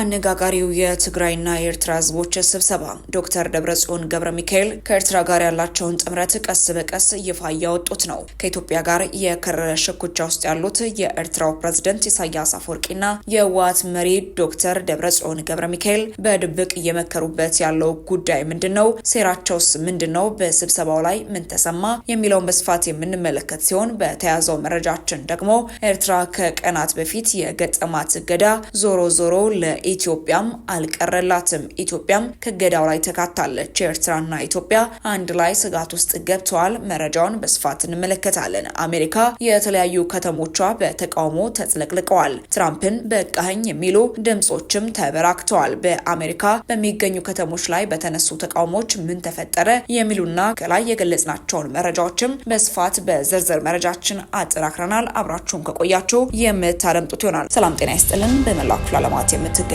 አነጋጋሪው የትግራይና የኤርትራ ህዝቦች ስብሰባ ዶክተር ደብረጽዮን ገብረ ሚካኤል ከኤርትራ ጋር ያላቸውን ጥምረት ቀስ በቀስ ይፋ እያወጡት ነው። ከኢትዮጵያ ጋር የከረረ ሽኩቻ ውስጥ ያሉት የኤርትራው ፕሬዝደንት ኢሳያስ አፈወርቂና የህወሓት መሪ ዶክተር ደብረጽዮን ገብረ ሚካኤል በድብቅ እየመከሩበት ያለው ጉዳይ ምንድን ነው? ሴራቸውስ ምንድን ነው? በስብሰባው ላይ ምን ተሰማ? የሚለውን በስፋት የምንመለከት ሲሆን በተያዘው መረጃችን ደግሞ ኤርትራ ከቀናት በፊት የገጠማት እገዳ ዞሮ ዞሮ ለ ኢትዮጵያም አልቀረላትም። ኢትዮጵያም ከገዳው ላይ ተካታለች። ኤርትራና ኢትዮጵያ አንድ ላይ ስጋት ውስጥ ገብተዋል። መረጃውን በስፋት እንመለከታለን። አሜሪካ የተለያዩ ከተሞቿ በተቃውሞ ተጥለቅልቀዋል። ትራምፕን በቃኝ የሚሉ ድምጾችም ተበራክተዋል። በአሜሪካ በሚገኙ ከተሞች ላይ በተነሱ ተቃውሞች ምን ተፈጠረ የሚሉና ከላይ የገለጽናቸውን መረጃዎችም በስፋት በዝርዝር መረጃችን አጠናክረናል። አብራችሁን ከቆያችሁ የምታደምጡት ይሆናል። ሰላም ጤና ይስጥልን። በመላ ክፍለ ዓለማት የምትገ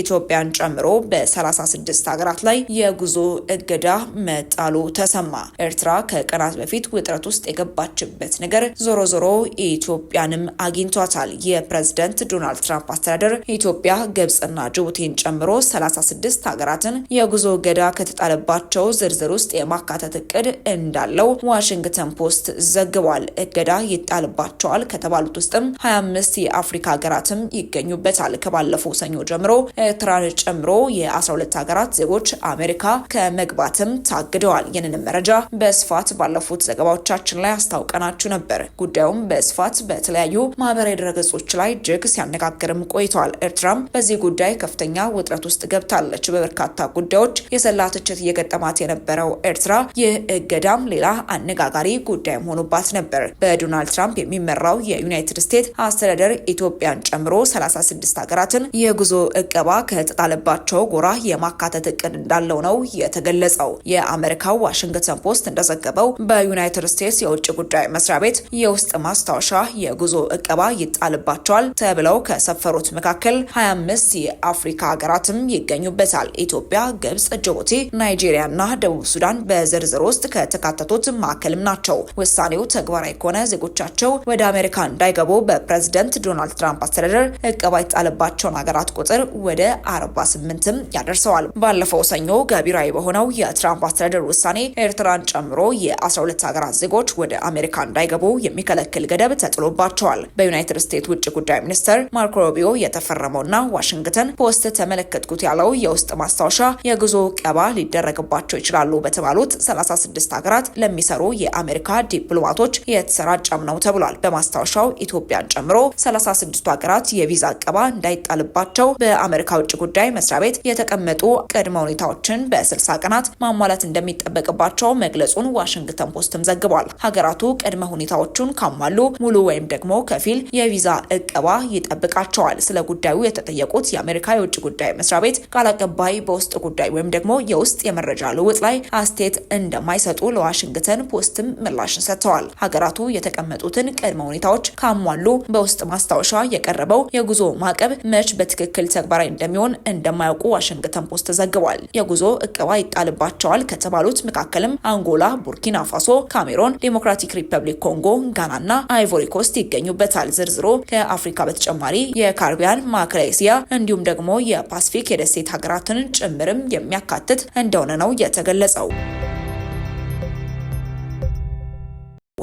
ኢትዮጵያን ጨምሮ በ36 ሀገራት ላይ የጉዞ እገዳ መጣሉ ተሰማ። ኤርትራ ከቀናት በፊት ውጥረት ውስጥ የገባችበት ነገር ዞሮ ዞሮ ኢትዮጵያንም አግኝቷታል። የፕሬዝደንት ዶናልድ ትራምፕ አስተዳደር ኢትዮጵያ፣ ግብጽና ጅቡቲን ጨምሮ 36 ሀገራትን የጉዞ እገዳ ከተጣለባቸው ዝርዝር ውስጥ የማካተት እቅድ እንዳለው ዋሽንግተን ፖስት ዘግቧል። እገዳ ይጣልባቸዋል ከተባሉት ውስጥም 25 የአፍሪካ ሀገራትም ይገኙበታል። ከባለፈው ሰኞ ጀምሮ ኤርትራን ጨምሮ የ12 ሀገራት ዜጎች አሜሪካ ከመግባትም ታግደዋል። ይህንንም መረጃ በስፋት ባለፉት ዘገባዎቻችን ላይ አስታውቀናችሁ ነበር። ጉዳዩም በስፋት በተለያዩ ማህበራዊ ድረገጾች ላይ እጅግ ሲያነጋግርም ቆይተዋል። ኤርትራም በዚህ ጉዳይ ከፍተኛ ውጥረት ውስጥ ገብታለች። በበርካታ ጉዳዮች የሰላ ትችት እየገጠማት የነበረው ኤርትራ ይህ እገዳም ሌላ አነጋጋሪ ጉዳይም ሆኖባት ነበር። በዶናልድ ትራምፕ የሚመራው የዩናይትድ ስቴትስ አስተዳደር ኢትዮጵያን ጨምሮ 36 ሀገራትን የጉዞ እቀባ ከተጣለባቸው ጎራ የማካተት እቅድ እንዳለው ነው የተገለጸው። የአሜሪካው ዋሽንግተን ፖስት እንደዘገበው በዩናይትድ ስቴትስ የውጭ ጉዳይ መስሪያ ቤት የውስጥ ማስታወሻ የጉዞ እቀባ ይጣልባቸዋል ተብለው ከሰፈሩት መካከል 25 የአፍሪካ ሀገራትም ይገኙበታል። ኢትዮጵያ፣ ግብጽ፣ ጅቡቲ፣ ናይጄሪያ እና ደቡብ ሱዳን በዝርዝር ውስጥ ከተካተቱት ማዕከልም ናቸው። ውሳኔው ተግባራዊ ከሆነ ዜጎቻቸው ወደ አሜሪካ እንዳይገቡ በፕሬዝደንት ዶናልድ ትራምፕ አስተዳደር እቀባ ይጣልባቸውን ሀገራት ቁጥር ወደ ወደ 48ም ያደርሰዋል። ባለፈው ሰኞ ገቢራዊ በሆነው የትራምፕ አስተዳደር ውሳኔ ኤርትራን ጨምሮ የ12 ሀገራት ዜጎች ወደ አሜሪካ እንዳይገቡ የሚከለክል ገደብ ተጥሎባቸዋል። በዩናይትድ ስቴትስ ውጭ ጉዳይ ሚኒስትር ማርኮ ሮቢዮ የተፈረመውና ዋሽንግተን ፖስት ተመለከትኩት ያለው የውስጥ ማስታወሻ የጉዞ ቀባ ሊደረግባቸው ይችላሉ በተባሉት 36 ሀገራት ለሚሰሩ የአሜሪካ ዲፕሎማቶች የተሰራጨም ነው ተብሏል። በማስታወሻው ኢትዮጵያን ጨምሮ 36ቱ ሀገራት የቪዛ ቀባ እንዳይጣልባቸው በአሜሪካ ከውጭ ጉዳይ መስሪያ ቤት የተቀመጡ ቅድመ ሁኔታዎችን በስልሳ ቀናት ማሟላት እንደሚጠበቅባቸው መግለጹን ዋሽንግተን ፖስትም ዘግቧል። ሀገራቱ ቅድመ ሁኔታዎቹን ካሟሉ ሙሉ ወይም ደግሞ ከፊል የቪዛ እቀባ ይጠብቃቸዋል። ስለ ጉዳዩ የተጠየቁት የአሜሪካ የውጭ ጉዳይ መስሪያ ቤት ቃል አቀባይ በውስጥ ጉዳይ ወይም ደግሞ የውስጥ የመረጃ ልውጥ ላይ አስተያየት እንደማይሰጡ ለዋሽንግተን ፖስትም ምላሽን ሰጥተዋል። ሀገራቱ የተቀመጡትን ቅድመ ሁኔታዎች ካሟሉ በውስጥ ማስታወሻ የቀረበው የጉዞ ማዕቀብ መች በትክክል ተግባራዊ እንደሚሆን እንደማያውቁ ዋሽንግተን ፖስት ተዘግቧል። የጉዞ እቀባ ይጣልባቸዋል ከተባሉት መካከልም አንጎላ፣ ቡርኪና ፋሶ፣ ካሜሮን፣ ዴሞክራቲክ ሪፐብሊክ ኮንጎ፣ ጋና እና አይቮሪ ኮስት ይገኙበታል። ዝርዝሮ ከአፍሪካ በተጨማሪ የካርቢያን፣ ማዕከላዊ እስያ እንዲሁም ደግሞ የፓስፊክ የደሴት ሀገራትን ጭምርም የሚያካትት እንደሆነ ነው የተገለጸው።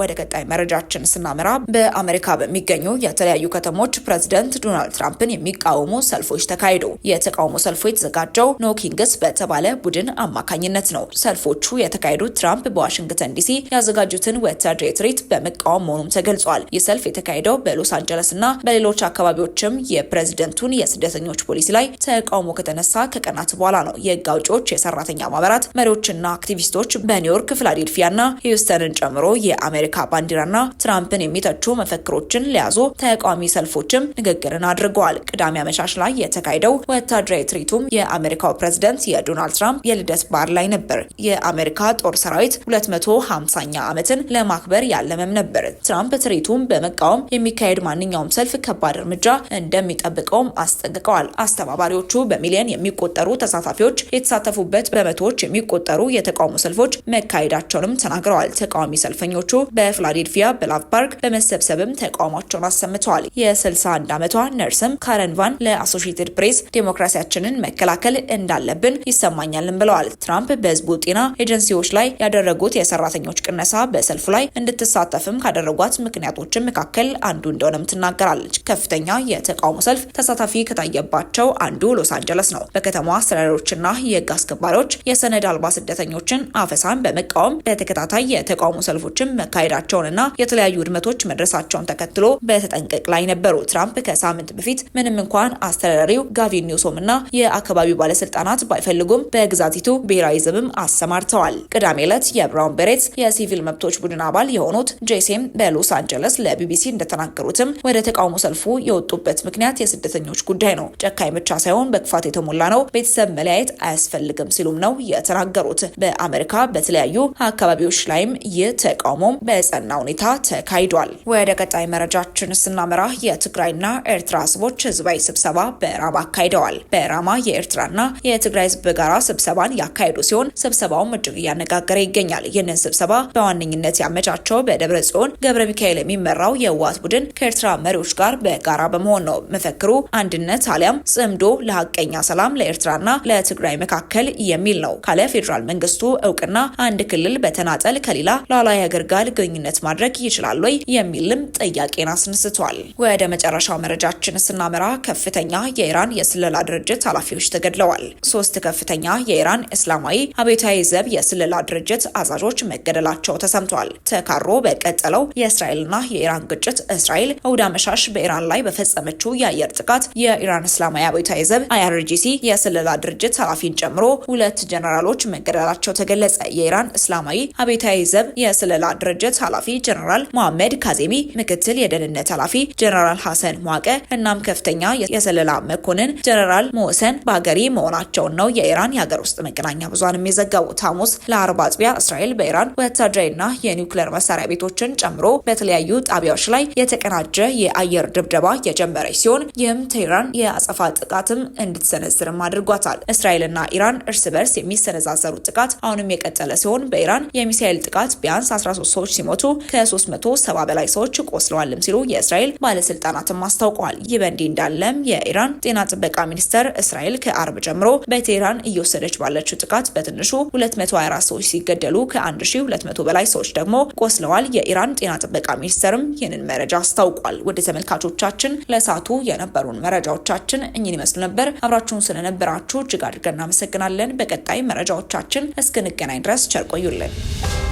ወደ ቀጣይ መረጃችን ስናመራ በአሜሪካ በሚገኙ የተለያዩ ከተሞች ፕሬዚደንት ዶናልድ ትራምፕን የሚቃወሙ ሰልፎች ተካሂዱ። የተቃውሞ ሰልፉ የተዘጋጀው ኖኪንግስ በተባለ ቡድን አማካኝነት ነው። ሰልፎቹ የተካሄዱት ትራምፕ በዋሽንግተን ዲሲ ያዘጋጁትን ወታደራዊ ትርኢት በመቃወም መሆኑም ተገልጿል። ይህ ሰልፍ የተካሄደው በሎስ አንጀለስ እና በሌሎች አካባቢዎችም የፕሬዚደንቱን የስደተኞች ፖሊሲ ላይ ተቃውሞ ከተነሳ ከቀናት በኋላ ነው። የህግ አውጪዎች፣ የሰራተኛ ማህበራት መሪዎችና አክቲቪስቶች በኒውዮርክ፣ ፊላዴልፊያ እና ሂውስተንን ጨምሮ የአሜሪካ የአሜሪካ ባንዲራና ትራምፕን የሚተቹ መፈክሮችን ለያዙ ተቃዋሚ ሰልፎችም ንግግርን አድርገዋል። ቅዳሜ አመሻሽ ላይ የተካሄደው ወታደራዊ ትርኢቱም የአሜሪካው ፕሬዝደንት የዶናልድ ትራምፕ የልደት በዓል ላይ ነበር። የአሜሪካ ጦር ሰራዊት 250ኛ ዓመትን ለማክበር ያለመም ነበር። ትራምፕ ትርኢቱን በመቃወም የሚካሄድ ማንኛውም ሰልፍ ከባድ እርምጃ እንደሚጠብቀውም አስጠንቅቀዋል። አስተባባሪዎቹ በሚሊዮን የሚቆጠሩ ተሳታፊዎች የተሳተፉበት በመቶዎች የሚቆጠሩ የተቃውሞ ሰልፎች መካሄዳቸውንም ተናግረዋል። ተቃዋሚ ሰልፈኞቹ በፊላዴልፊያ በላቭ ፓርክ በመሰብሰብም ተቃውሟቸውን አሰምተዋል። የ61 ዓመቷ ነርስም ካረን ቫን ለአሶሺየትድ ፕሬስ ዴሞክራሲያችንን መከላከል እንዳለብን ይሰማኛልን ብለዋል። ትራምፕ በህዝቡ ጤና ኤጀንሲዎች ላይ ያደረጉት የሰራተኞች ቅነሳ በሰልፉ ላይ እንድትሳተፍም ካደረጓት ምክንያቶችን መካከል አንዱ እንደሆነም ትናገራለች። ከፍተኛ የተቃውሞ ሰልፍ ተሳታፊ ከታየባቸው አንዱ ሎስ አንጀለስ ነው። በከተማዋ አስተዳደሮችና የህግ አስከባሪዎች የሰነድ አልባ ስደተኞችን አፈሳን በመቃወም በተከታታይ የተቃውሞ ሰልፎችን መካሄድ መካሄዳቸውንና የተለያዩ ውድመቶች መድረሳቸውን ተከትሎ በተጠንቀቅ ላይ ነበሩ። ትራምፕ ከሳምንት በፊት ምንም እንኳን አስተዳዳሪው ጋቪን ኒውሶም እና የአካባቢው ባለስልጣናት ባይፈልጉም በግዛቲቱ ብሔራዊ ዘብም አሰማርተዋል። ቅዳሜ ዕለት የብራውን በሬት የሲቪል መብቶች ቡድን አባል የሆኑት ጄሴም በሎስ አንጀለስ ለቢቢሲ እንደተናገሩትም ወደ ተቃውሞ ሰልፉ የወጡበት ምክንያት የስደተኞች ጉዳይ ነው። ጨካኝ ብቻ ሳይሆን በክፋት የተሞላ ነው። ቤተሰብ መለያየት አያስፈልግም ሲሉም ነው የተናገሩት። በአሜሪካ በተለያዩ አካባቢዎች ላይም ይህ ተቃውሞም በጸና ሁኔታ ተካሂዷል። ወደ ቀጣይ መረጃችን ስናመራ የትግራይና ኤርትራ ህዝቦች ህዝባዊ ስብሰባ በራማ አካሂደዋል። በራማ የኤርትራና የትግራይ ህዝብ ጋራ ስብሰባን ያካሄዱ ሲሆን ስብሰባውም እጅግ እያነጋገረ ይገኛል። ይህንን ስብሰባ በዋነኝነት ያመቻቸው በደብረ ጽዮን ገብረ ሚካኤል የሚመራው የህወሓት ቡድን ከኤርትራ መሪዎች ጋር በጋራ በመሆን ነው። መፈክሩ አንድነት አሊያም ጽምዶ ለሀቀኛ ሰላም ለኤርትራና ለትግራይ መካከል የሚል ነው። ካለ ፌዴራል መንግስቱ እውቅና አንድ ክልል በተናጠል ከሌላ ሉዓላዊ ሀገር ጋር ግንኙነት ማድረግ ይችላል ወይ የሚልም ጥያቄን አስነስቷል። ወደ መጨረሻው መረጃችን ስናመራ ከፍተኛ የኢራን የስለላ ድርጅት ኃላፊዎች ተገድለዋል። ሶስት ከፍተኛ የኢራን እስላማዊ አብዮታዊ ዘብ የስለላ ድርጅት አዛዦች መገደላቸው ተሰምቷል። ተካሮ በቀጠለው የእስራኤልና የኢራን ግጭት እስራኤል እሁድ አመሻሽ በኢራን ላይ በፈጸመችው የአየር ጥቃት የኢራን እስላማዊ አብዮታዊ ዘብ አይአርጂሲ የስለላ ድርጅት ኃላፊን ጨምሮ ሁለት ጀነራሎች መገደላቸው ተገለጸ። የኢራን እስላማዊ አብዮታዊ ዘብ የስለላ ድርጅት ድርጅት ኃላፊ ጀነራል መሐመድ ካዜሚ፣ ምክትል የደህንነት ኃላፊ ጀነራል ሐሰን ሟቀ እናም ከፍተኛ የስለላ መኮንን ጀነራል ሞሰን ባገሪ መሆናቸውን ነው የኢራን የሀገር ውስጥ መገናኛ ብዙሃንም የዘገቡት። ሐሙስ ለአርብ አጥቢያ እስራኤል በኢራን ወታደራዊና የኒውክሌር መሳሪያ ቤቶችን ጨምሮ በተለያዩ ጣቢያዎች ላይ የተቀናጀ የአየር ድብደባ የጀመረች ሲሆን ይህም ቴህራን የአጸፋ ጥቃትም እንድትሰነዝርም አድርጓታል። እስራኤልና ኢራን እርስ በርስ የሚሰነዛዘሩት ጥቃት አሁንም የቀጠለ ሲሆን በኢራን የሚሳኤል ጥቃት ቢያንስ 13 ሰዎች ሲሞቱ ከ370 በላይ ሰዎች ቆስለዋልም ሲሉ የእስራኤል ባለስልጣናትም አስታውቀዋል። ይህ በእንዲህ እንዳለም የኢራን ጤና ጥበቃ ሚኒስቴር እስራኤል ከአርብ ጀምሮ በቴህራን እየወሰደች ባለችው ጥቃት በትንሹ 224 ሰዎች ሲገደሉ ከ1200 በላይ ሰዎች ደግሞ ቆስለዋል። የኢራን ጤና ጥበቃ ሚኒስቴርም ይህንን መረጃ አስታውቋል። ወደ ተመልካቾቻችን ለሳቱ የነበሩን መረጃዎቻችን እኝን ይመስሉ ነበር። አብራችሁን ስለነበራችሁ እጅግ አድርገን እናመሰግናለን። በቀጣይ መረጃዎቻችን እስክንገናኝ ድረስ ቸር ቆዩልን።